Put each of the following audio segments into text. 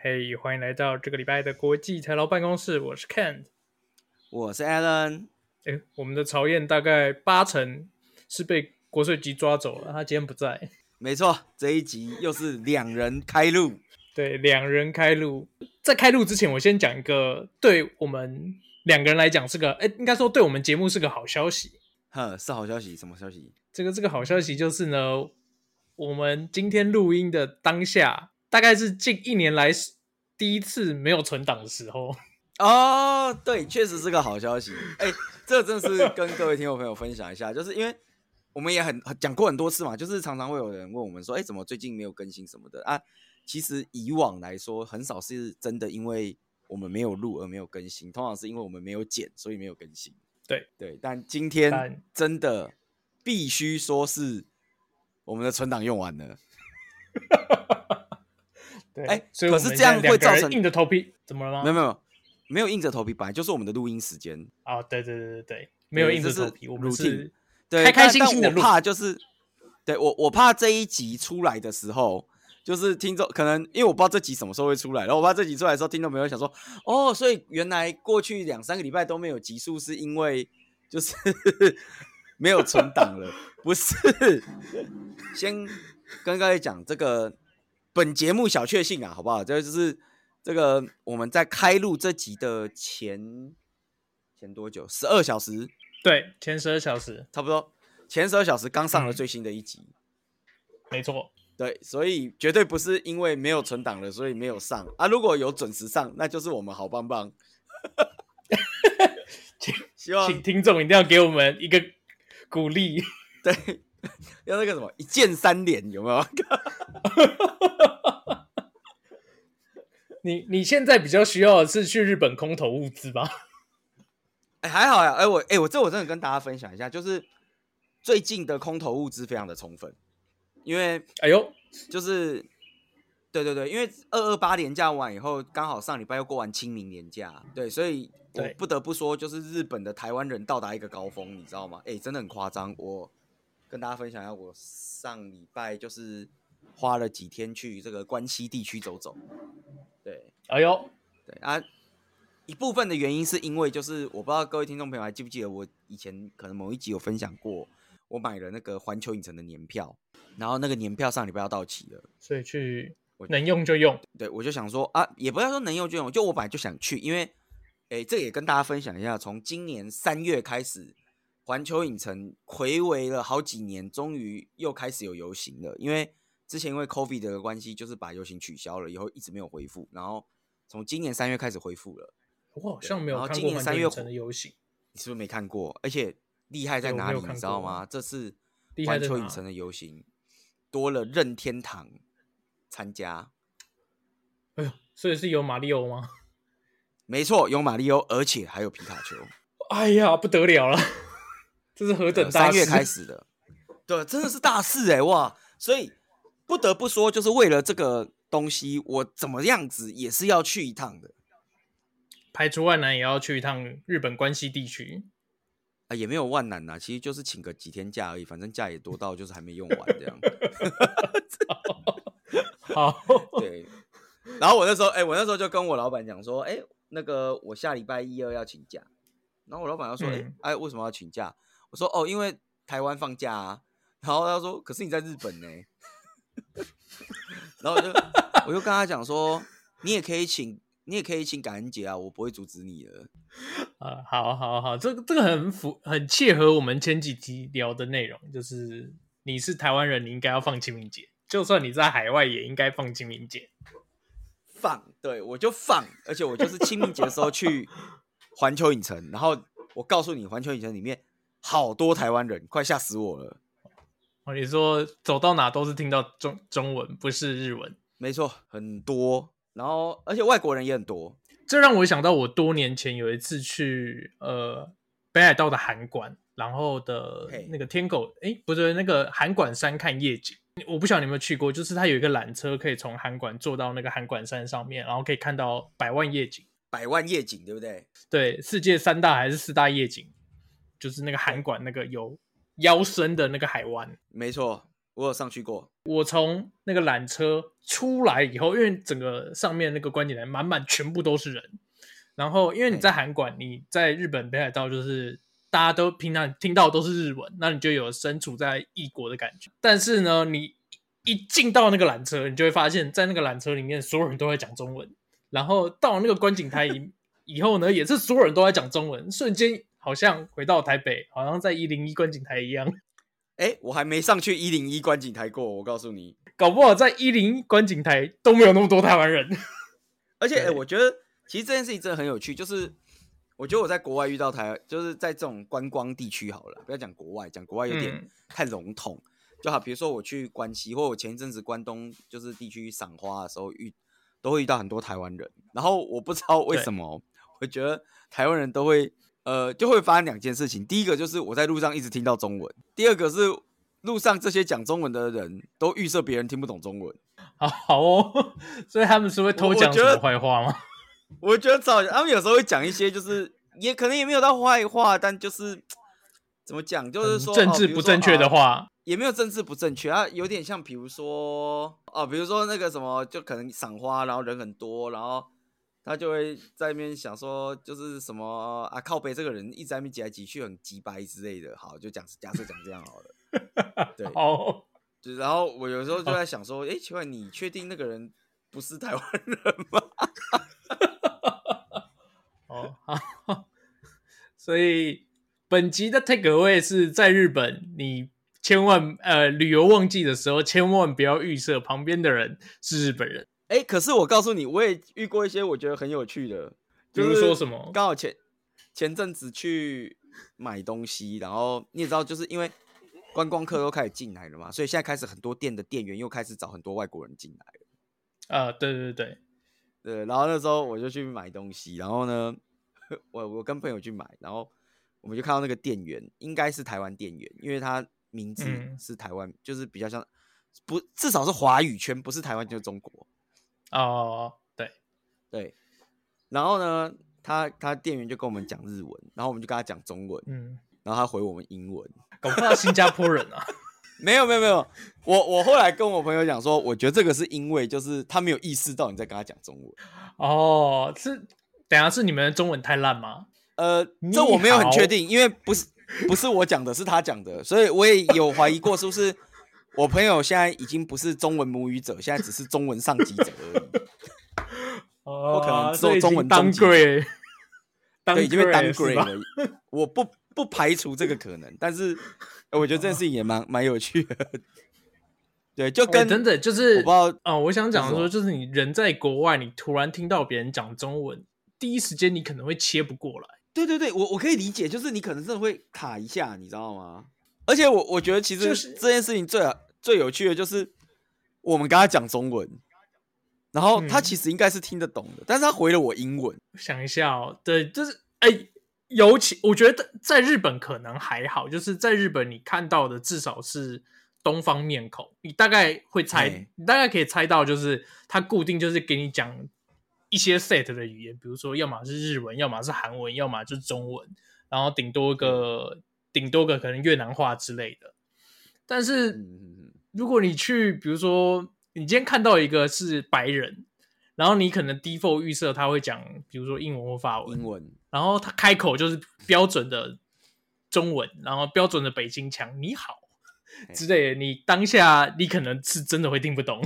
嘿，hey, 歡迎來到這個禮拜的國際財佬辦公室。我是 Kent。我是 Alan。誒，我們的曹燕大概八成是被國稅局抓走了，他今天不在。沒錯，這一集又是兩人開路。 對，兩人開路。在開路之前，我先講一個對我們兩個人來講是個誒，應該說對我們節目是個好消息。呵，是好消息？什麼消息？這個這個好消息就是呢，我們今天錄音的當下。大概是近一年來第一次沒有存檔的時候。哦，對，確實是個好消息。哎、欸，這真的是跟各位聽眾朋友分享一下， 就是因為我們也很講過很多次嘛，就是常常會有人問我們說，哎、欸，怎麼最近沒有更新什麼的啊？其實以往來說，很少是真的因為我們沒有錄而沒有更新，通常是因為我們沒有剪，所以沒有更新。對對，但今天真的必須說是我們的存檔用完了。 哎，可是這樣會造成硬着頭皮，怎麼了嗎？沒有沒有沒有硬着頭皮，本來就是我們的錄音時間啊。對、哦、對對對對，沒有硬着頭皮，嗯就是、我們是開開心心的錄。但我怕就是，對我我怕這一集出來的時候，就是聽眾可能因為我不知道這集什麼時候會出來，然後我怕這集出來的時候聽沒有，聽眾朋友想說，哦，所以原來過去兩三個禮拜都沒有集數，是因為就是 沒有存檔了， 不是？ 先跟各位講這個。本節目小確幸啊，好不好？這就是這個我們在開錄這集的前前多久？十二小時？對，前十二小時，差不多。前十二小時剛上了最新的一集，嗯、沒錯。對，所以絕對不是因為沒有存檔了，所以沒有上啊！如果有準時上，那就是我們好棒棒。 請希望請聽眾一定要給我們一個鼓勵，對。 要那個什麼一鍵三連有沒有？ 你你現在比較需要的是去日本空投物資吧？哎、欸，還好呀，啊，哎、欸、我哎、欸、我這我真的跟大家分享一下，就是最近的空投物資非常的充分，因為、就是、哎呦，就是對對對，因為二二八連假完以後，剛好上禮拜又過完清明連假，對，所以我不得不說，就是日本的台灣人到達一個高峰，對你知道嗎？哎、欸，真的很誇張，我。跟大家分享一下，我上禮拜就是花了幾天去這個關西地區走走。對，哎呦，對啊，一部分的原因是因為，就是我不知道各位聽眾朋友還記不記得，我以前可能某一集有分享過，我買了那個環球影城的年票，然後那個年票上禮拜要到期了，所以去，能用就用就。對，我就想說啊，也不要說能用就用，就我本來就想去，因為，哎、欸，這也跟大家分享一下，從今年三月開始。環球影城睽違了好幾年，終於又開始有遊行了。因為之前因為 COVID 的關係，就是把遊行取消了，以後一直沒有恢復。然後從今年三月開始恢復了。哇，我好像沒有看過環球影城的遊行，你是不是沒看過？而且厲害在哪裡，你知道嗎？這次環球影城的遊行多了任天堂參加。哎呀，所以是有瑪利歐嗎？沒錯，有瑪利歐，而且還有皮卡丘。 哎呀，不得了了！這是何等大事！呃、三月開始的， 對，真的是大事哎、欸、哇！所以不得不說，就是為了這個東西，我怎麼樣子也是要去一趟的。排除萬難也要去一趟日本關西地區啊！也沒有萬難吶、啊，其實就是請個幾天假而已，反正假也多到就是還沒用完這樣。好，對。然後我那時候，哎、欸，我那時候就跟我老闆講說，哎、欸，那個我下禮拜一二要請假。然後我老闆就說，哎、嗯、欸、哎，為什麼要請假？我說哦，因為台灣放假，啊，然後他說，可是你在日本呢、欸， 然後我就 我就跟他講說，你也可以請，你也可以請感恩節啊，我不會阻止你的。啊、呃，好好好，這個這個很符，很切合我們前幾集聊的內容，就是你是台灣人，你應該要放清明節，就算你在海外，也應該放清明節。放，對，我就放，而且我就是清明節的時候去環球影城， 然後我告訴你，環球影城裡面。好多台灣人，快嚇死我了！哦，你說走到哪都是聽到中中文，不是日文？沒錯，很多。然後，而且外國人也很多。這讓我想到我多年前有一次去呃北海道的函館，然後的那個天狗，誒嘿、欸，不對，那個函館山看夜景。我不曉得你有沒有去過，就是它有一個纜車，可以從函館坐到那個函館山上面，然後可以看到百萬夜景。百萬夜景，對不對？對，世界三大還是四大夜景？就是那個函館那個有腰身的那個海灣，沒錯，我有上去過。我從那個纜車出來以後，因為整個上面那個觀景台滿滿全部都是人。然後，因為你在函館，你在日本北海道，就是大家都平常聽到都是日文，那你就有身處在異國的感覺。但是呢，你一進到那個纜車，你就會發現，在那個纜車裡面，所有人都在講中文。然後到那個觀景台以 以後呢，也是所有人都在講中文，瞬間。好像回到台北，好像在一零一觀景台一樣。哎、欸，我還沒上去一零一觀景台過。我告訴你，搞不好在一零一觀景台都沒有那麼多台灣人。而且，哎對、欸，我覺得其實這件事情真的很有趣。就是我覺得我在國外遇到台，就是在這種觀光地區好了，不要講國外，講國外有點太籠統。嗯、就好，比如說我去關西，或我前一陣子關東，就是地區賞花的時候遇，都會遇到很多台灣人。然後我不知道為什麼，對我覺得台灣人都會。呃，就會發生兩件事情。第一個就是我在路上一直聽到中文，第二個是路上這些講中文的人都預設別人聽不懂中文，好，好哦， 所以他們是會偷講什麼壞話嗎？我，我覺得，我覺得，他們有時候會講一些，就是也可能也沒有到壞話，但就是怎麼講，就是說政治、哦、說不正確的話、啊，也沒有政治不正確啊，有點像，比如說啊、哦，比如說那個什麼，就可能賞花，然後人很多，然後。他就會在那邊想說，就是什麼啊，靠北這個人一直在那邊擠來擠去，很機掰之類的。好，就講假設講這樣好了。 對，好然後我有時候就在想說，哎、啊，請問、欸、你確定那個人不是台灣人嗎？哦 好， 所以本集的 take away 是在日本，你千萬呃旅遊旺季的時候千萬不要預設旁邊的人是日本人。哎、欸，可是我告訴你，我也遇過一些我覺得很有趣的，就是說什麼？剛好前前陣子去買東西，然後你也知道，就是因為觀光客都開始進來了嘛，所以現在開始很多店的店員又開始找很多外國人進來了。啊，對對對對，對。然後那時候我就去買東西，然後呢，我我跟朋友去買，然後我們就看到那個店員，應該是台灣店員，因為他名字是台灣，嗯、就是比較像不，至少是華語圈，不是台灣就是中國。哦，oh, 對對，然後呢，他他店員就跟我們講日文，然後我們就跟他講中文，嗯，然後他回我們英文， 搞不好新加坡人啊？ 沒有沒有沒有，我我後來跟我朋友講說，我覺得這個是因為就是他沒有意識到你在跟他講中文。哦，oh, 是，等下是你們中文太爛嗎？呃，這我沒有很確定，好因為不是不是我講的，是他講的，所以我也有懷疑過是不是。 我朋友現在已經不是中文母語者，現在只是中文上級者而已。哦，可能只有中文中級，對，因為 downgrade 我不不排除這個可能，但是我覺得這件事情也蠻蠻有趣的。對，就跟真的就是，我不知道啊，我想講說，就是你人在國外，你突然聽到別人講中文，第一時間你可能會切不過來。對對對，我我可以理解，就是你可能真會卡一下，你知道嗎？而且我我覺得其實這件事情最。最有趣的就是我們跟他講中文，然後他其實應該是聽得懂的，嗯、但是他回了我英文。想一下哦，對，就是哎、欸，尤其我覺得在日本可能還好，就是在日本你看到的至少是東方面孔，你大概會猜，欸、你大概可以猜到，就是他固定就是給你講一些 set 的語言，比如說要麼是日文，要麼是韓文，要麼就是中文，然後頂多個、嗯、頂多個可能越南話之類的，但是。嗯如果你去，比如說你今天看到一個是白人，然後你可能 default 預設他會講，比如說英文或法文，英文，然後他開口就是標準的中文，然後標準的北京腔，你好嘿之類的，你當下你可能是真的會聽不懂。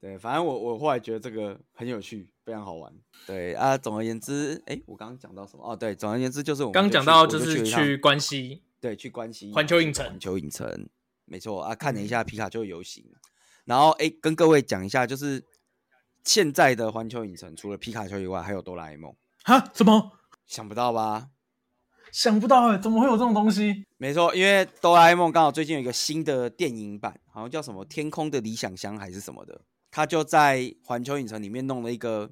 對，反正我我後來覺得這個很有趣，非常好玩。對啊，總而言之，哎，我剛剛講到什麼？哦，對，總而言之就是我就剛講到就是去關西，啊，對，去關西環球影城，環球影城。沒錯啊，看了一下皮卡丘遊行，嗯、然後哎，跟各位講一下，就是現在的環球影城除了皮卡丘以外，還有哆啦 A 夢哈，怎麼想不到吧？想不到哎、欸，怎麼會有這種東西？啊、沒錯，因為哆啦 A 夢剛好最近有一個新的電影版，好像叫什麼《天空的理想鄉》還是什麼的，他就在環球影城裡面弄了一個，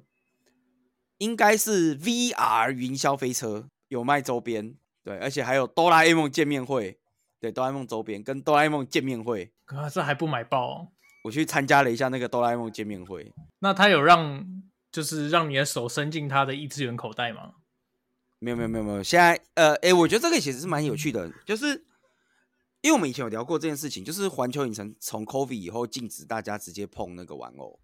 應該是 VR 雲霄飛車，有賣周邊，對，而且還有哆啦 A 夢見面會。對，哆啦 A 夢周邊跟哆啦 A 夢見面會，這還不買爆，哦？我去參加了一下那個哆啦 A 夢見面會。那他有讓，就是讓你的手伸進他的異次元口袋嗎？沒有、嗯，沒有，沒有，沒有。現在，呃，哎、欸，我覺得這個其實是蠻有趣的，嗯、就是因為我們以前有聊過這件事情，就是環球影城從 COVID 以後禁止大家直接碰那個玩偶。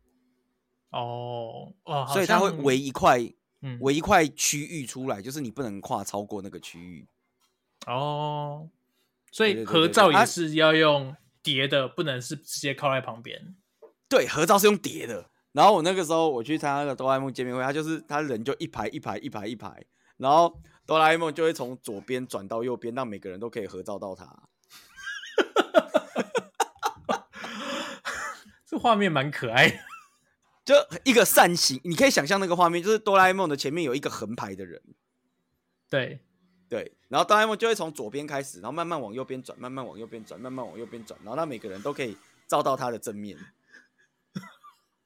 哦，哦，所以它會圍一塊，嗯，圍一塊區域出來，就是你不能跨超過那個區域。哦。所以合照也是要用疊的，不能是直接靠在旁邊。對，合照是用疊的。然後我那個時候我去參加那個哆啦 A 夢見面會，他就是他人就一排一排一排一排，然後哆啦 A 夢就會從左邊轉到右邊，讓每個人都可以合照到他。哈哈哈！哈哈！哈哈！這畫面蠻可愛的，就一個扇形，你可以想象那個畫面，就是哆啦 A 夢的前面有一個橫排的人。對。對，然後哆啦 A 夢就會從左邊開始，然後慢慢往右邊轉，慢慢往右邊轉，慢慢往右邊轉，然後讓每個人都可以照到他的正面。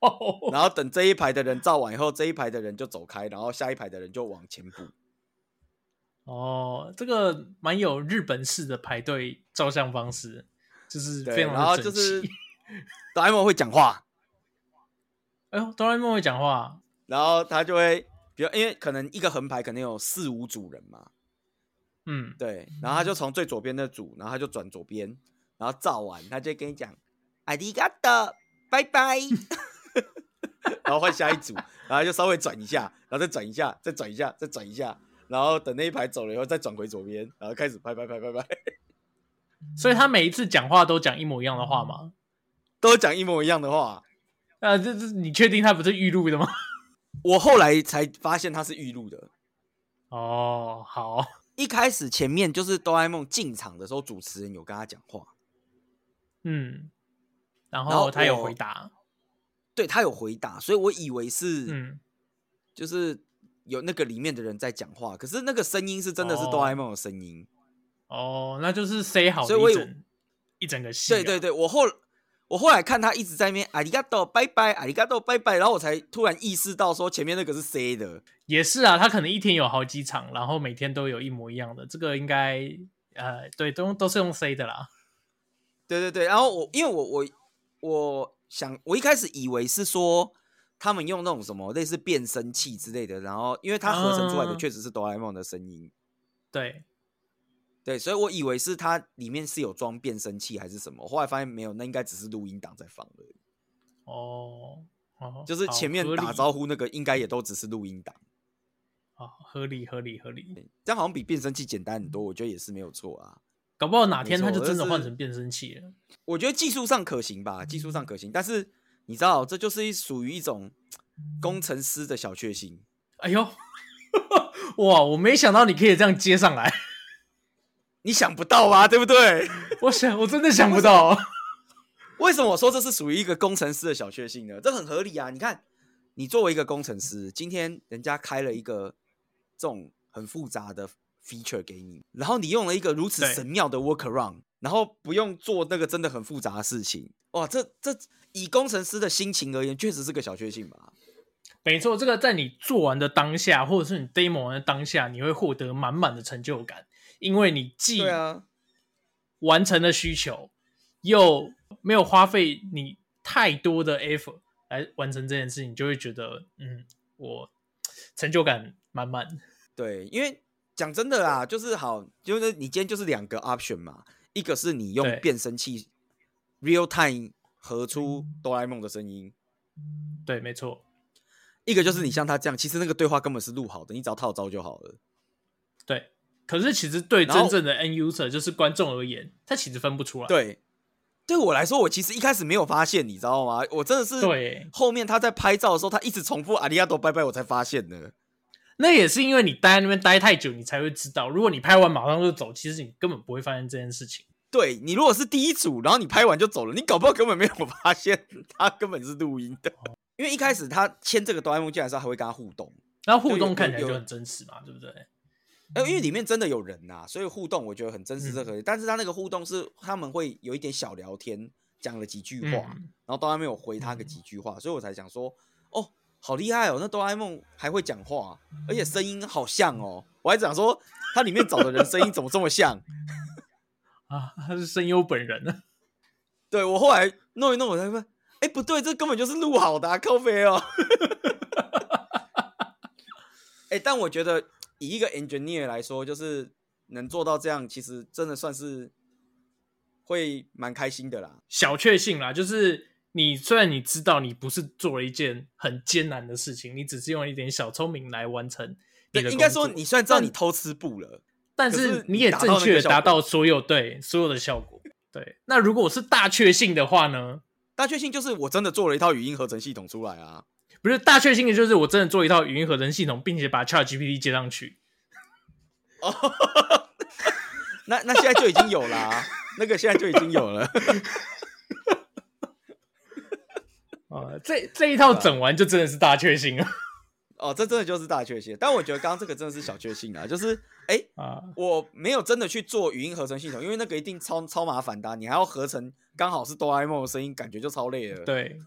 哦、然後等這一排的人照完以後，這一排的人就走開，然後下一排的人就往前補。哦，這個蠻有日本式的排隊照相方式，就是非常的整齊。然後就是哆啦 A 夢會講話。哎呦，哆啦 A 夢會講話，然後他就會比較，比如因為可能一個橫排可能有四五組人嘛。嗯，對，然後他就從最左邊那組，然後他就轉左邊，然後照完他就跟你講 “Arigato，拜拜”， 然後換下一組，然後就稍微轉一下，然後再轉一下，再轉一下，再轉一下，再轉一下，然後等那一排走了以後，再轉回左邊，然後開始拍拍拍拍拍拍。所以他每一次講話都講一模一樣的話嗎？都講一模一樣的話。啊、呃，這這你確定他不是預錄的嗎？我後來才發現他是預錄的。哦，oh, 好。一開始前面就是哆啦 A 夢進場的時候，主持人有跟他講話，嗯，然後他有回答，對，他有回答，所以我以為是，嗯，就是有那個裡面的人在講話，可是那個聲音是真的是哆啦 A 夢的聲音哦，哦，那就是 say 好的一整所以我一整個戲，對對對，我後。我後來看他一直在那邊，阿利加斗拜拜，阿利加斗拜拜，bye bye, 然後我才突然意識到說前面那個是 C 的，也是啊，他可能一天有好幾場，然後每天都有一模一樣的，這個應該呃對都都是用 C 的啦，對對對，然後我因為我我我想我一開始以為是說他們用那種什麼類似變聲器之類的，然後因為他合成出來的確實是哆啦 A 夢的聲音，嗯、對。對，所以我以為是它裡面是有裝變聲器還是什麼，後來發現沒有，那應該只是錄音檔在放而已。哦，就是前面打招呼那個，應該也都只是錄音檔。啊，合理合理合理，合理合理這樣好像比變聲器簡單很多，我覺得也是沒有錯啊。搞不好哪天他就真的換成變聲器了。我覺得技術上可行吧，嗯、技術上可行，但是你知道，這就是屬於一種工程師的小確幸、嗯。哎呦， 哇，我沒想到你可以這樣接上來。你想不到啊，對不對？我想，我真的想不到。為什麼，為什麼我說這是屬於一個工程師的小確幸呢？這很合理啊！你看，你作為一個工程師，今天人家開了一個這種很複雜的 feature 給你，然後你用了一個如此神妙的 work around，對然後不用做那個真的很複雜的事情。哇，這這以工程師的心情而言，確實是個小確幸吧？沒錯，這個在你做完的當下，或者是你 demo 完的當下，你會獲得滿滿的成就感。因為你既完成了需求，啊、又沒有花費你太多的 effort 來完成這件事情，你就會覺得嗯，我成就感滿滿。對，因為講真的啦，就是好，就是你今天就是兩個 option 嘛，一個是你用變聲器對 real time 合出哆啦 A 夢的聲音。嗯，對，沒錯。一個就是你像他這樣，其實那個對話根本是錄好的，你只要套招就好了。對。可是其實對真正的 end user 後就是觀眾而言，他其實分不出來。對，對我來說，我其實一開始沒有發現，你知道嗎？我真的是對耶。後面他在拍照的時候，他一直重復阿里亞多拜拜，我才發現的。那也是因為你待在那邊待太久，你才會知道。如果你拍完馬上就走，其實你根本不會發現這件事情。對，你如果是第一組，然後你拍完就走了，你搞不好根本沒有發現他根本是錄音的。哦、因為一開始他簽這個哆啦 A 夢進來的時候，還會跟他互動，那互動看起來就很真實嘛，對，對不對？欸、因為裡面真的有人吶、啊，所以互動我覺得很真實。這個，嗯、但是他那個互動是他們會有一點小聊天，講了幾句話，嗯、然後哆啦 A 夢有回他個幾句話，嗯、所以我才想說，哦，好厲害哦，那哆啦 A 夢還會講話，嗯、而且聲音好像哦，嗯、我還想說，它裡面找的人聲音怎麼這麼像？ 啊，他是聲優本人呢？對，我後來弄一弄，我才問，哎、欸，不對，這根本就是錄好的啊。靠北哦。哎、 欸，但我覺得。以一個 engineer 來說，就是能做到這樣，其實真的算是會蠻開心的啦，小確幸啦。就是你雖然你知道你不是做了一件很艱難的事情，你只是用一點小聰明來完成。應該說，你雖然知道你偷吃步了，但，但是你也正確的達，達到所有對所有的效果。對，那如果是大確幸的話呢？大確幸就是我真的做了一套語音合成系統出來啊。不是大確幸的就是，我真的做一套語音合成系統，並且把 ChatGPT 接上去。哦、呵呵，那那現在就已經有了、啊， 那個現在就已經有了。 哦、這一這一套整完就真的是大確幸了、啊。哦，這真的就是大確幸。但我覺得剛剛這個真的是小確幸啊，就是，哎、欸、啊，我沒有真的去做語音合成系統，因為那個一定超超麻煩的、啊，你還要合成剛好是哆啦 A 夢的聲音，感覺就超累了。對。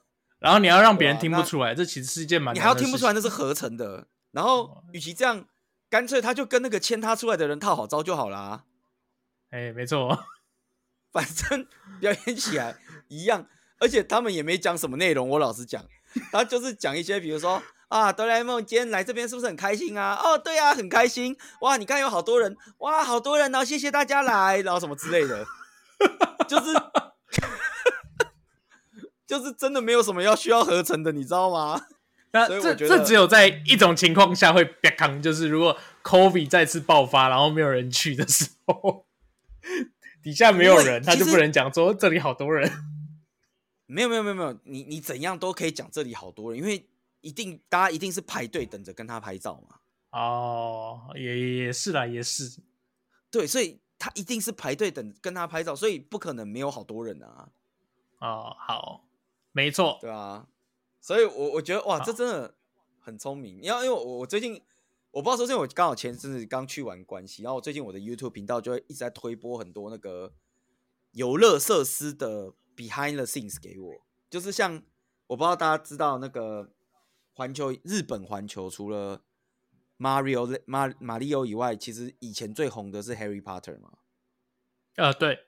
然後你要讓別人聽不出來，這其實是一件蠻好……你還要聽不出來那是合成的。然後與其這樣，乾脆他就跟那個牽他出來的人套好招就好啦。啊。哎，沒錯，反正表演起來一樣，而且他們也沒講什麼內容。我老實講，他就是講一些，比如說啊，哆啦 A 夢今天來這邊是不是很開心啊？哦，對啊，很開心哇！你看有好多人哇，好多人哦，然後謝謝大家來，然後什麼之類的， 就是。就是真的沒有什麼要需要合成的，你知道嗎？那我覺得這這只有在一種情況下會 become，就是如果 COVID 再次爆發，然後沒有人去的時候， 底下沒有人，為他就不能講說實這裡好多人。沒有沒有沒有沒有，你你怎樣都可以講這裡好多人，因為一定大家一定是排隊等着跟他拍照嘛。哦，也也是啦，也是。對，所以他一定是排隊等跟他拍照，所以不可能沒有好多人啊。哦，好。沒錯，對啊，所以我，我我覺得哇，這真的很聰明。因為、啊，因為我我最近，我不知道說，因為我剛好前陣子剛去完關係，然後我最近我的 YouTube 頻道就會一直在推播很多那個遊樂設施的 Behind the Scenes 給我。就是像我不知道大家知道那個環球日本環球除了 Mario, Ma, Mario 馬馬里奧以外，其實以前最紅的是 Harry Potter 嘛？呃，對。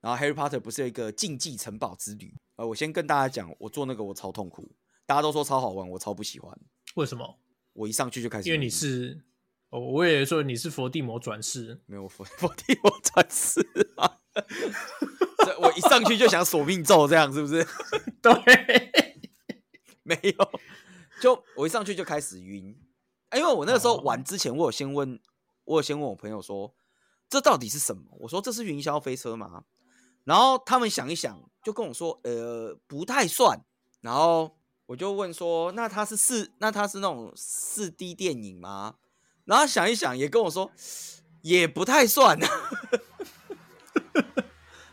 然後 Harry Potter 不是有一個競技城堡之旅？呃，我先跟大家講，我做那個我超痛苦，大家都說超好玩，我超不喜歡。為什麼？我一上去就開始因為你是，哦，我也說你是佛地魔轉世，沒有，我佛佛地魔轉世啊！我一上去就想索命咒，這樣是不是？對，沒有，就我一上去就開始暈，哎，因為我那個時候玩之前，我有先問我有先問我朋友說，這到底是什麼？我說，這是雲霄飛車嗎？然後他們想一想，就跟我說，呃，不太算。然後我就問說，那它是四？那它是那種四 D 電影嗎？然後想一想，也跟我說，也不太算。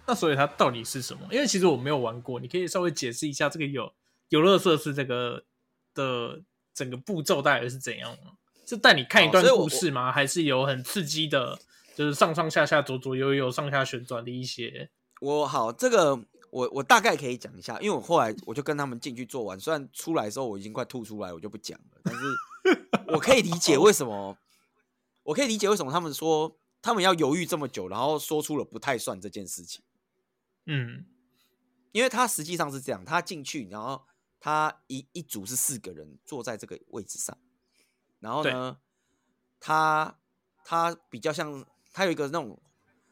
那所以它到底是什麼？因為其實我沒有玩過，你可以稍微解釋一下這個游遊樂設施這個的整個步驟大概是怎樣嗎？是帶你看一段故事嗎？哦，還是有很刺激的，就是上上下下、左左右右、上下旋轉的一些？我好，這個。我我大概可以講一下，因為我後來我就跟他們進去做完， 雖然出來的時候我已經快吐出來，我就不講了，但是我可以理解為什麼， 我可以理解為什麼他們說他們要猶豫這麼久，然後說出了不太算這件事情。嗯，因為他實際上是這樣，他進去，然後他一一組是四個人坐在這個位置上，然後呢，對他他比較像他有一個那種。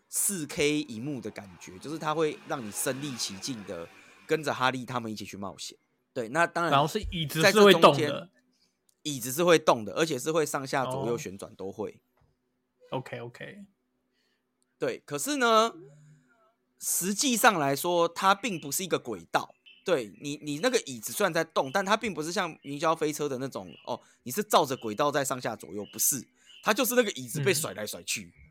四 K 螢幕的感覺，就是它會讓你身臨其境的跟着哈利他們一起去冒險。對，那當然，然後是椅子是會動的，椅子是會動的，而且是會上下左右旋轉都會。Oh. OK OK，對，可是呢，實際上來說，它並不是一個軌道。對你，你那個椅子雖然在動，但它並不是像雲霄飛車的那種哦，你是照着軌道在上下左右，不是，它就是那個椅子被甩來甩去。嗯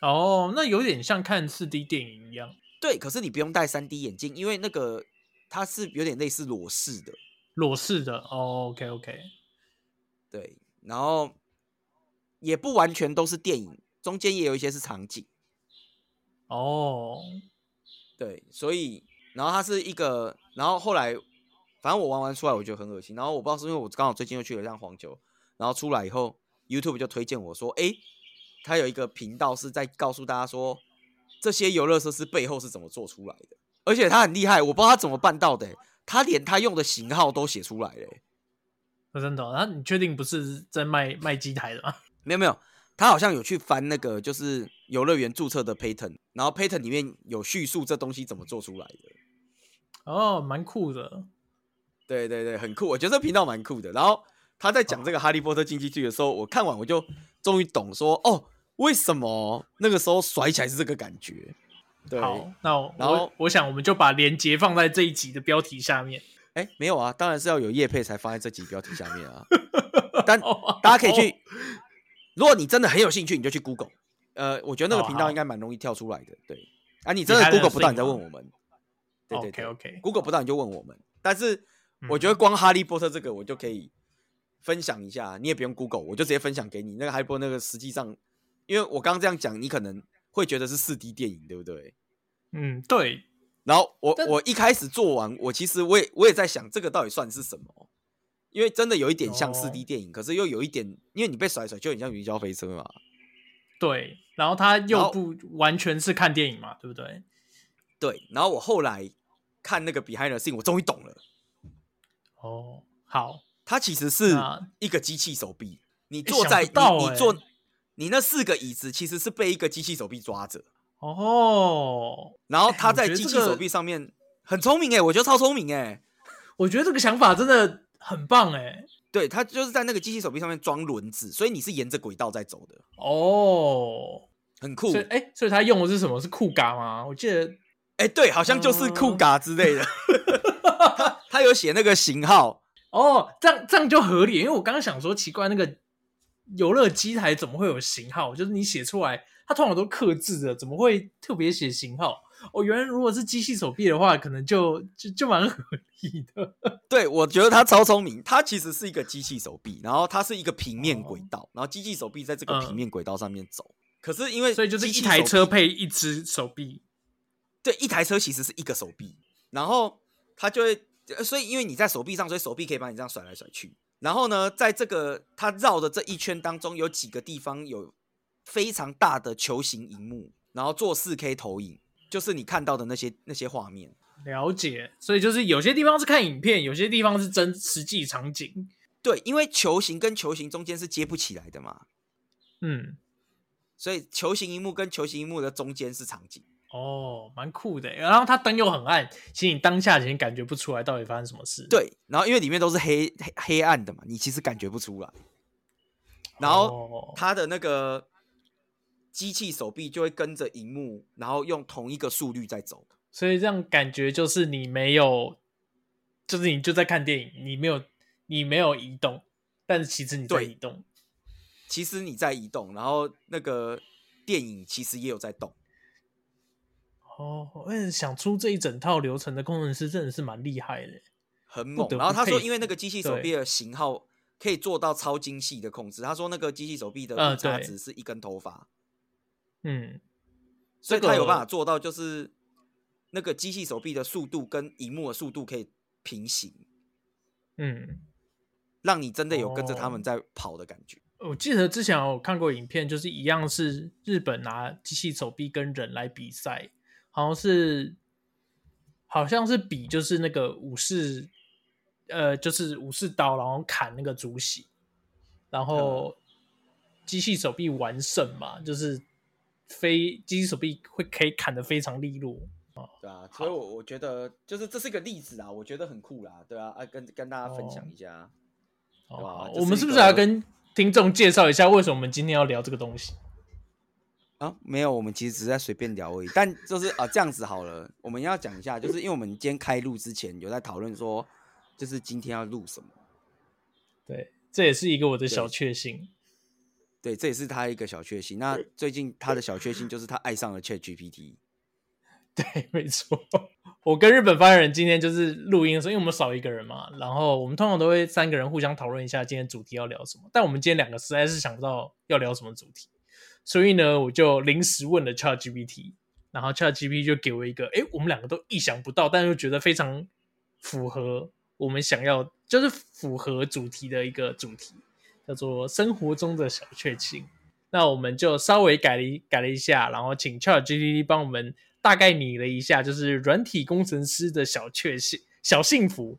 哦，oh, 那有點像看 4D 電影一樣。對，可是你不用戴 3D 眼鏡，因為那個它是有點類似裸視的。裸視的，哦、oh,，OK OK。對，然後也不完全都是電影，中間也有一些是場景。哦，oh. 對，所以然後它是一個，然後後來反正我玩完出來，我覺得很噁心。然後我不知道是因為我剛好最近又去了一趟環球，然後出來以後 YouTube 就推薦我說，哎。他有一個頻道是在告訴大家說，這些遊樂設施背後是怎麼做出來的，而且他很厲害，我不知道他怎麼辦到的，他連他用的型號都寫出來了。真的，然後你確定不是在賣賣機台的嗎？沒有沒有，他好像有去翻那個就是遊樂園注冊的 patent，然後 patent 裡面有敘述這東西怎麼做出來的。哦，蠻酷的。對對對，很酷，我覺得這頻道蠻酷的。然後他在講這個《哈利波特》禁忌劇的時候，哦、我看完我就終於懂說，哦。為什麼那個時候甩起來是這個感覺？對，好，那我然後我想我們就把連結放在這一集的標題下面。哎，沒有啊，當然是要有業配才放在這集標題下面啊。但大家可以去，如果你真的很有興趣，你就去 Google。呃，我覺得那個頻道應該蠻容易跳出來的。對，啊，你真的 Google 不到，你再問我們。對對對，Google 不到你就問我們。但是我覺得光哈利波特這個，我就可以分享一下，你也不用 Google，我就直接分享給你。那個哈利波特那個實際上。因為我剛剛這樣講，你可能會覺得是四 D 電影，對不對？嗯，對。然後我但我一開始做完，我其實我也我也在想，這個到底算是什麼？因為真的有一點像四 D 電影，哦、可是又有一點，因為你被甩甩，就很像雲霄飛車嘛。對，然後他又不完全是看電影嘛，後對不對？對，然後我後來看那個 Behind the Scene，我終於懂了。哦，好，它其實是一個機器手臂，那你坐在、欸、你，你坐。你那四個椅子其實是被一個機器手臂抓着哦，然後他在機器手臂上面很聰明哎、欸，我覺得超聰明哎，我覺得這個想法真的很棒哎、欸。對，他就是在那個機器手臂上面裝輪子，所以你是沿着軌道在走的哦，很酷。哎，所以他用的是什麼？是酷嘎嗎？我記得哎，對，好像就是酷嘎之類的。 他有寫那個型號哦，這樣這樣就合理，因為我剛剛想說奇怪那個。遊樂機台怎麼會有型號？就是你寫出來，它通常都刻字的，怎麼會特別寫型號？哦，原來如果是機器手臂的話，可能就就就蠻合理的。對，我覺得它超聰明，它其實是一個機器手臂，然後它是一個平面軌道，哦、然後機器手臂在這個平面軌道上面走。嗯、可是因為所以就是一台車配一隻手臂。對，一台車其實是一個手臂，然後它就會，所以因為你在手臂上，所以手臂可以把你這樣甩來甩去。然後呢，在這個它繞的這一圈當中，有幾個地方有非常大的球形熒幕然後做四 K 投影，就是你看到的那些那些畫面。了解，所以就是有些地方是看影片，有些地方是真實際場景。對，因為球形跟球形中間是接不起來的嘛。嗯，所以球形熒幕跟球形螢幕的中間是場景。哦，蠻酷的。然後它燈又很暗，其實你當下已經感覺不出來到底發生什麼事。對，然後因為裡面都是黑黑黑暗的嘛，你其實感覺不出來。然後它的那個機器手臂就會跟着熒幕，然後用同一個速率在走，所以這樣感覺就是你沒有，就是你就在看電影，你沒有你沒有移動，但是其實你在移動，對，其實你在移動，然後那個電影其實也有在動。哦，那、oh, 欸、想出這一整套流程的工程師真的是蠻厲害的，很猛。不不然後他說，因為那個機器手臂的型號可以做到超精細的控制，對他說那個機器手臂的誤差是一根頭髮。嗯，嗯所以他有辦法做到，就是那個機器手臂的速度跟熒幕的速度可以平行。嗯，讓你真的有跟着他們在跑的感覺。哦、我記得之前有看過影片，就是一樣是日本拿機器手臂跟人來比賽。好像是，好像是比就是那個武士，呃，就是武士刀，然後砍那個主席，然後機器手臂完勝嘛，就是非機器手臂會可以砍得非常利落。哦，對啊，所以我，我好我覺得就是這是一個例子啊，我覺得很酷啦，對啊，啊，跟跟大家分享一下，對吧？我們是不是要跟聽眾介紹一下，為什麼我們今天要聊這個東西？啊，沒有，我們其實只是在隨便聊而已。但就是啊，這樣子好了，我們要講一下，就是因為我們今天開錄之前有在討論說，就是今天要錄什麼。對，這也是一個我的小確幸。對。對，這也是他一個小確幸。那最近他的小確幸就是他愛上了 ChatGPT。對，沒錯。 我跟日本發言人今天就是錄音的時候，因為我們少一個人嘛，然後我們通常都會三個人互相討論一下今天主題要聊什麼。但我們今天兩個實在是想不到要聊什麼主題。所以呢，我就臨時問了 ChatGPT，然後 ChatGPT 就給我一個，哎，我們兩個都意想不到，但又覺得非常符合我們想要，就是符合主題的一個主題，叫做生活中的小確幸。那我們就稍微改了改了一下，然後請 ChatGPT 幫我們大概擬了一下，就是軟體工程師的小確幸、小幸福。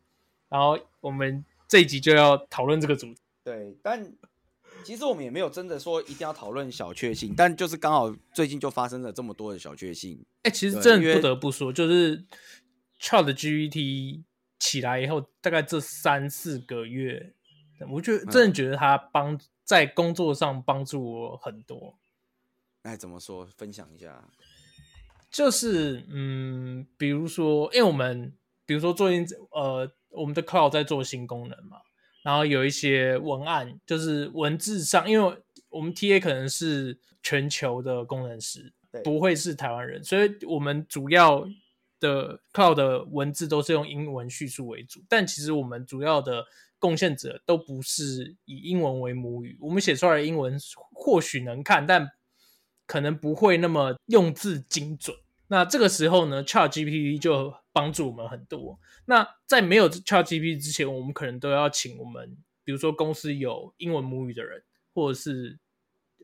然後我們這一集就要討論這個主題。對，但。其實我們也沒有真的說一定要討論小確幸，但就是剛好最近就發生了這麼多的小確幸。哎、欸，其實真的不得不說，就是 ChatGPT 起來以後，大概這三四個月，我覺得真的覺得他幫、嗯、在工作上幫助我很多。哎，怎麼說？分享一下，就是嗯，比如說，因為我們比如說最近呃，我們的 Cloud 在做新功能嘛。然後有一些文案，就是文字上，因為我們 TA 可能是全球的工程師，不會是台灣人，所以我們主要的靠的文字都是用英文敘述為主。但其實我們主要的貢獻者都不是以英文為母語，我們寫出來的英文或許能看，但可能不會那麼用字精準。那這個時候呢，ChatGPT 就幫助我們很多。那在沒有 ChatGPT 之前，我們可能都要請我們，比如說公司有英文母語的人，或者是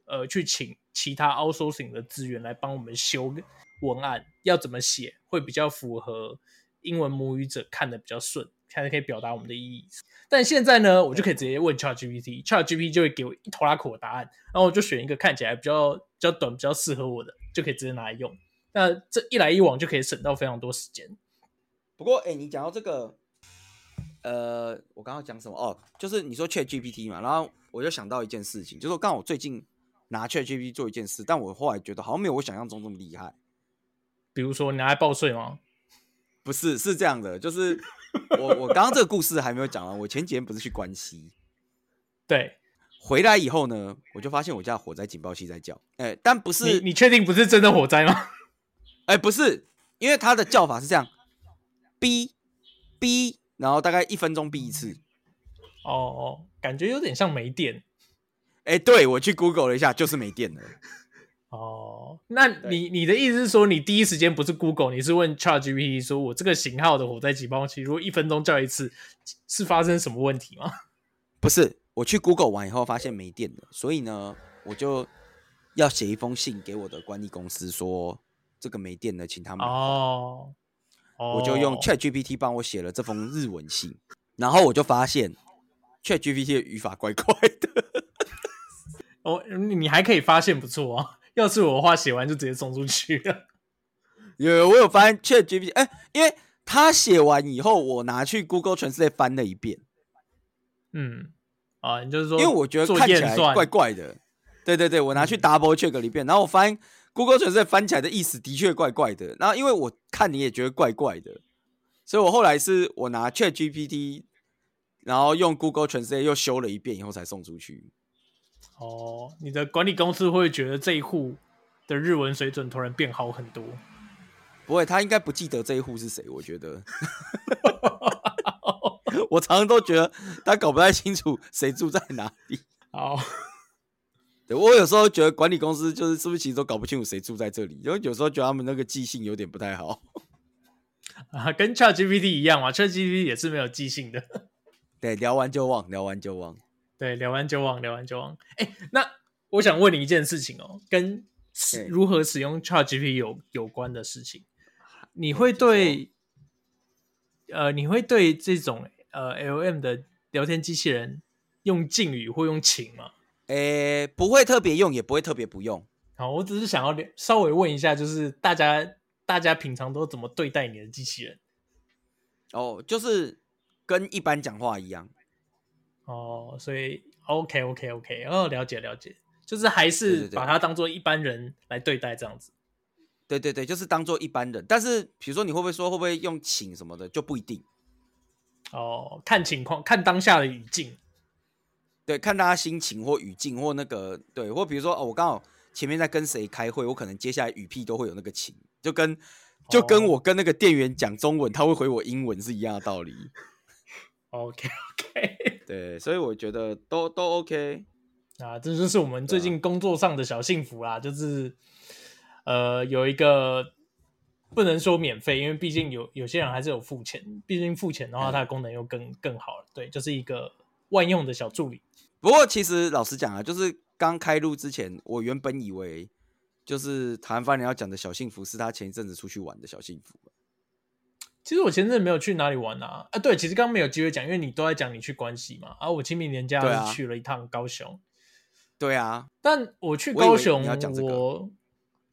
呃去請其他 outsourcing 的資源來幫我們修文案，要怎麼寫會比較符合英文母語者看得比較順，才可以表達我們的意思。但現在呢，我就可以直接問 ChatGPT，Chat、嗯、GPT 就會給我一拖拉庫的答案，然後我就選一個看起來比較比較短、比較適合我的，就可以直接拿來用。那這一來一往就可以省到非常多時間。不過，哎、欸，你講到這個，呃，我剛剛講什麼？哦，就是你說 ChatGPT 嘛，然後我就想到一件事情，就是說剛好我最近拿 ChatGPT 做一件事，但我後來覺得好像沒有我想象中這麼厲害。比如說，你拿來報稅嗎？不是，是這樣的，就是我我剛剛這個故事還沒有講完。 我前幾天不是去關西，對，回來以後呢，我就發現我家火災警報器在叫。哎、欸，但不是你，你確定不是真的火災嗎？ 哎，不是，因為它的叫法是這樣，嗶嗶，然後大概一分鐘嗶一次。哦哦，感覺有點像沒電。哎，對，我去 Google 了一下，就是沒電了。哦，那你對你的意思是說，你第一時間不是 Google，你是問 ChatGPT，說我這個型號的火災警報器，如果一分鐘叫一次，是發生什麼問題嗎？不是，我去 Google 完以後發現沒電了，所以呢，我就要寫一封信給我的管理公司說。這個沒電了，請他們。哦，oh. oh. 我就用 ChatGPT 幫我寫了這封日文信，然後我就發現 ChatGPT 的語法怪怪的。哦 ，oh, 你還可以發現不錯啊！要是我的話寫完就直接送出去了。有，我有翻 ChatGPT，哎、欸，因為他寫完以後，我拿去 Google Translate 翻了一遍。嗯，啊，你就是說，因為我覺得看起來怪怪的。對對對，我拿去 Double Check 了一遍，嗯、然後我翻，Google Translate 翻起來的意思的確怪怪的，然後因為我看你也覺得怪怪的，所以我後來是我拿 ChatGPT，然後用 Google Translate 又修了一遍以後才送出去。哦，你的管理公司會覺得這一戶的日文水準突然變好很多？不會，他應該不記得這一戶是誰，我覺得。 我常常都覺得他搞不太清楚誰住在哪裡。好。對，我有時候覺得管理公司就是是不是其實都搞不清楚誰住在這裡，因為有時候覺得他們那個記性有點不太好啊，跟 ChatGPT 一樣嘛，ChatGPT 也是沒有記性的，對，聊完就忘，聊完就忘，對，聊完就忘，聊完就忘。哎，那我想問你一件事情哦，跟如何使用 ChatGPT 有有關的事情，你會對，對呃，你會對這種呃 L M 的聊天機器人用敬語或用請嗎？誒、欸，不會特別用，也不會特別不用。好，我只是想要稍微問一下，就是大家大家平常都怎麼對待你的機器人？哦，就是跟一般講話一樣。哦，所以 OK OK OK，哦，了解了解，就是還是把它當做一般人來對待這樣子。對對對，就是當做一般人。但是比如說，你會不會說會不會用請什麼的就不一定。哦，看情況，看當下的語境。對，看大家心情或語境或那個對，或比如說哦，我剛好前面在跟誰開會，我可能接下來語癖都會有那個情，就跟就跟我跟那個店員講中文，oh. 他會回我英文是一樣的道理。OK OK，對，所以我覺得都都 OK 啊，這就是我們最近工作上的小幸福啦，對就是呃有一個不能說免費，因為畢竟有有些人還是有付錢，畢竟付錢的話，它的功能又更、嗯、更好了。對，就是一個。萬用的小助理。不過，其實老實講啊，就是剛開錄之前，我原本以為就是台灣發言人要講的小幸福，是他前一陣子出去玩的小幸福。其實我前陣子沒有去哪裡玩啊。啊，對，其實剛剛沒有機會講，因為你都在講你去關西嘛。後、啊、我清明年假去了一趟高雄。對啊，對啊，但我去高雄，我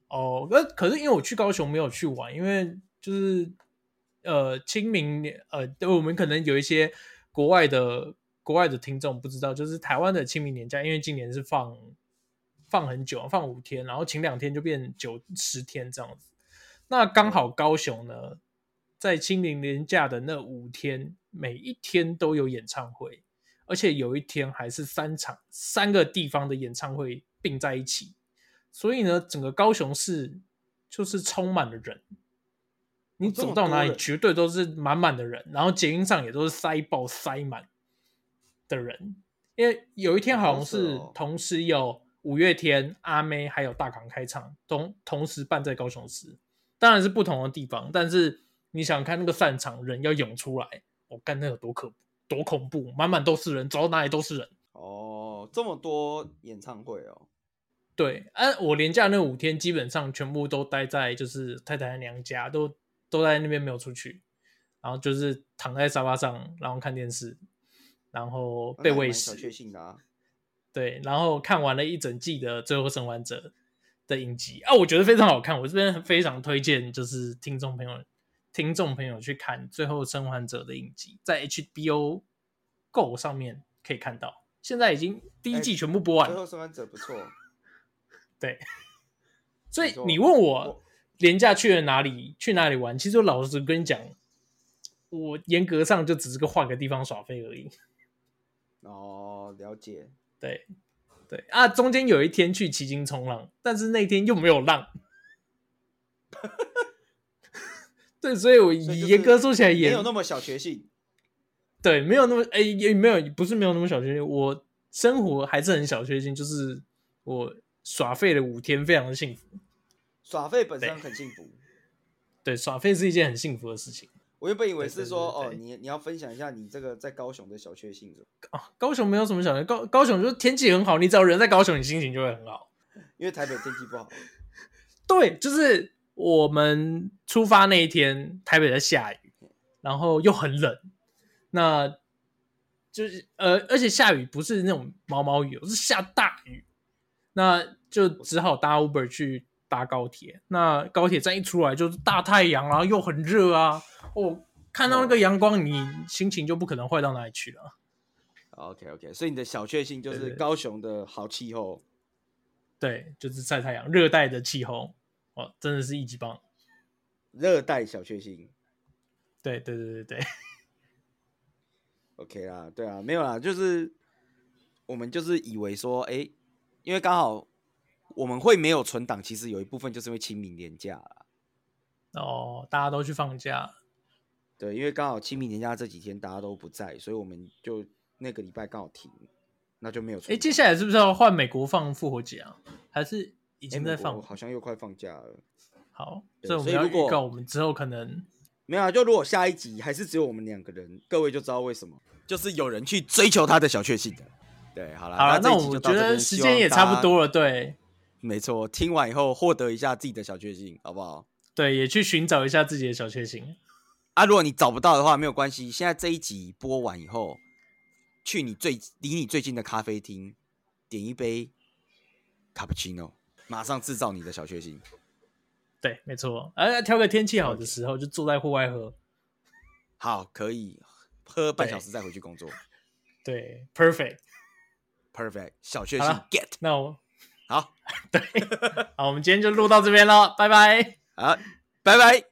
哦、這個，那、呃、可是因為我去高雄沒有去玩，因為就是呃清明呃，對我們可能有一些國外的。國外的聽眾不知道，就是台灣的清明年假，因為今年是放放很久啊，放五天，然後請兩天就變九十天這樣子。那剛好高雄呢，在清明年假的那五天，每一天都有演唱會，而且有一天還是三場三個地方的演唱會併在一起，所以呢，整個高雄市就是充滿了人，你走到哪裡絕對都是滿滿的人，人然後捷運上也都是塞爆塞滿。的人，因為有一天好像是同時有五月天、阿妹還有大港開唱，同同時辦在高雄市，當然是不同的地方，但是你想看那個散場人要湧出來，我、哦、幹那有多可怖多恐怖，滿滿都是人，走到哪裡都是人。哦，這麼多演唱會哦。對，啊，我連假那五天基本上全部都待在就是太太的娘家，都都在那邊沒有出去，然後就是躺在沙發上，然後看電視。然後被餵食，對，然後看完了一整季的《最後生還者》的影集啊，我覺得非常好看。我這邊非常推薦，就是聽眾朋友、聽眾朋友去看《最後生還者》的影集，在 HBO Go 上面可以看到。現在已經第一季全部播完了，《最後生還者》不錯。對，所以你問我連假去了哪裡，去哪裡玩？其實我老實跟你講，我嚴格上就只是個換個地方耍廢而已。哦，oh, 了解，對，對啊，中間有一天去騎行衝浪，但是那天又沒有浪， 對，所以我嚴格說起來也沒有那麼小確幸，對，沒有那麼哎也沒有不是沒有那麼小確幸，我生活還是很小確幸，就是我耍廢了五天，非常的幸福，耍廢本身很幸福，對，對，耍廢是一件很幸福的事情。我原本以為是說，對對對對哦，你你要分享一下你這個在高雄的小確幸，哦、啊，高雄沒有什麼小確幸，高雄就是天氣很好，你只要人在高雄，你心情就會很好，因為台北天氣不好。 對，就是我們出發那一天，台北在下雨，然後又很冷，那就是呃，而且下雨不是那種毛毛雨，是下大雨，那就只好搭 Uber 去。搭高鐵，那高鐵站一出來就是大太陽，啊，然後又很熱啊！哦，看到那個陽光，你心情就不可能壞到哪裡去了。OK，OK，okay, okay. 所以你的小確幸就是高雄的好氣候，對對對對，對，就是曬太陽，熱帶的氣候，哦，真的是一級棒，熱帶小確幸。對對對對對，對，OK 啦，對啊，沒有啦，就是我們就是以為說，誒、欸，因為剛好。我們會沒有存檔，其實有一部分就是因為清明連假，啊、哦，大家都去放假，對，因為剛好清明連假這幾天大家都不在，所以我們就那個禮拜剛好停，那就沒有存檔。哎、欸，接下來是不是要換美國放復活節啊？還是已經在放？欸、好像又快放假了。好，對所以我們要預告我們之後可能沒有啊。就如果下一集還是只有我們兩個人，各位就知道為什麼，就是有人去追求他的小確幸的。對，好了，好了，那，那我們覺得時間也差不多了，家對。沒錯，聽完以後獲得一下自己的小確幸，好不好？對，也去尋找一下自己的小確幸啊！如果你找不到的話，沒有關係。現在這一集播完以後，去你最離你最近的咖啡廳，點一杯卡布奇諾，馬上製造你的小確幸。對，沒錯，啊，挑個天氣好的時候，就坐在戶外喝。好，可以，喝半小時再回去工作。對，perfect，perfect，Perfect，小確幸，啊，get。那我。好， 對，好，我們今天就錄到這邊了， 拜拜。好，拜拜。